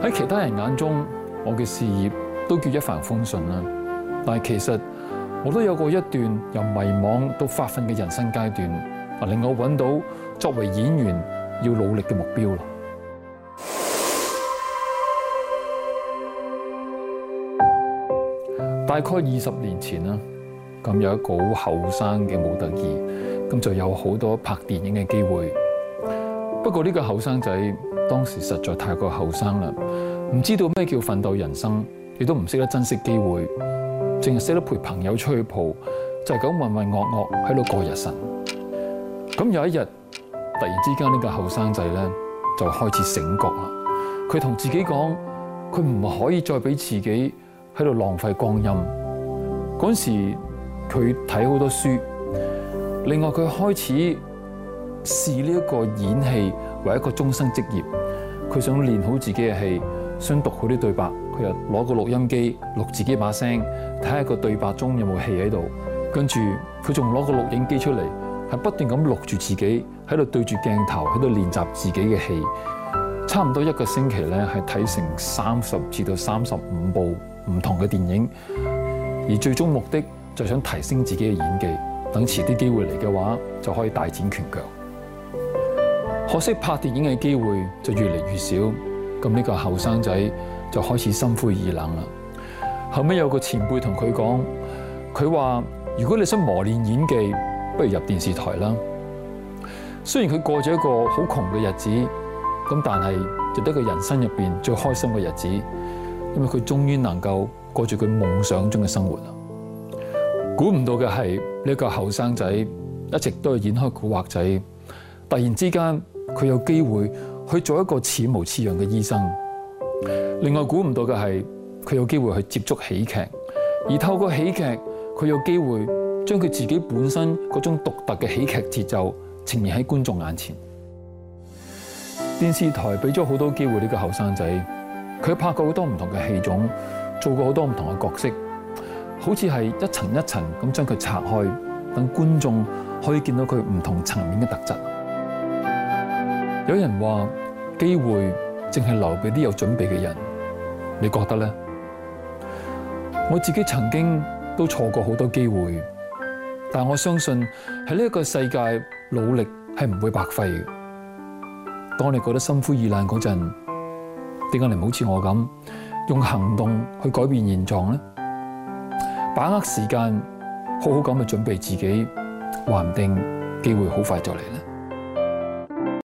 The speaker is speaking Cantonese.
喺其他人眼中，我嘅事業都叫一帆風順啦。但係其實我都有過一段由迷惘到發奮嘅人生階段，啊令我揾到作為演員要努力嘅目標啦。大概二十年前啦，咁有一個好後生嘅模特兒，咁就有好多拍電影嘅機會。不過呢個後生仔當時實在太過後生啦，唔知道咩叫奮鬥人生，亦都唔識得珍惜機會，淨係識得陪朋友出去蒲，就係咁渾渾噩噩喺度過日晨。咁有一日，突然之間呢個後生仔咧就開始醒覺啦。佢同自己講，佢唔可以再俾自己喺度浪費光陰。嗰時佢睇好多書，另外佢開始。視呢一個演戲為一個終生職業，佢想練好自己嘅戲，想讀好啲對白，佢又攞個錄音機錄自己把聲，睇下個對白中有冇戲喺度。跟住佢仲攞個錄影機出嚟，係不斷咁錄住自己喺度對住鏡頭喺度練習自己嘅戲。差唔多一個星期呢係睇成三十至到三十五部唔同嘅電影，而最終目的就想提升自己嘅演技，等遲啲機會嚟嘅話就可以大展拳腳。可惜拍電影嘅機會就越嚟越少，咁呢個後生仔就開始心灰意冷啦。後尾有個前輩同佢講，佢話如果你想磨練演技，不如入電視台啦。雖然佢過咗一個好窮嘅日子，咁但係亦得係人生入邊最開心嘅日子，因為佢終於能夠過住佢夢想中嘅生活啦。估唔到嘅係呢個後生仔一直都係演開古惑仔。突然之間，佢有機會去做一個似模似樣嘅醫生。另外估唔到嘅係，佢有機會去接觸喜劇，而透過喜劇，佢有機會將佢自己本身嗰種獨特嘅喜劇節奏呈現喺觀眾眼前。電視台俾咗好多機會，呢個後生仔，佢拍過好多唔同嘅戲種，做過好多唔同嘅角色，好似係一層一層咁將佢拆開，等觀眾可以見到佢唔同層面嘅特質。有人話機會淨係留俾啲有準備嘅人，你覺得咧？我自己曾經都錯過好多機會，但我相信喺呢一個世界，努力係唔會白費嘅。當你覺得心灰意冷嗰陣，點解你唔好似我咁用行動去改變現狀咧？把握時間，好好咁去準備自己，話唔定機會好快就嚟啦。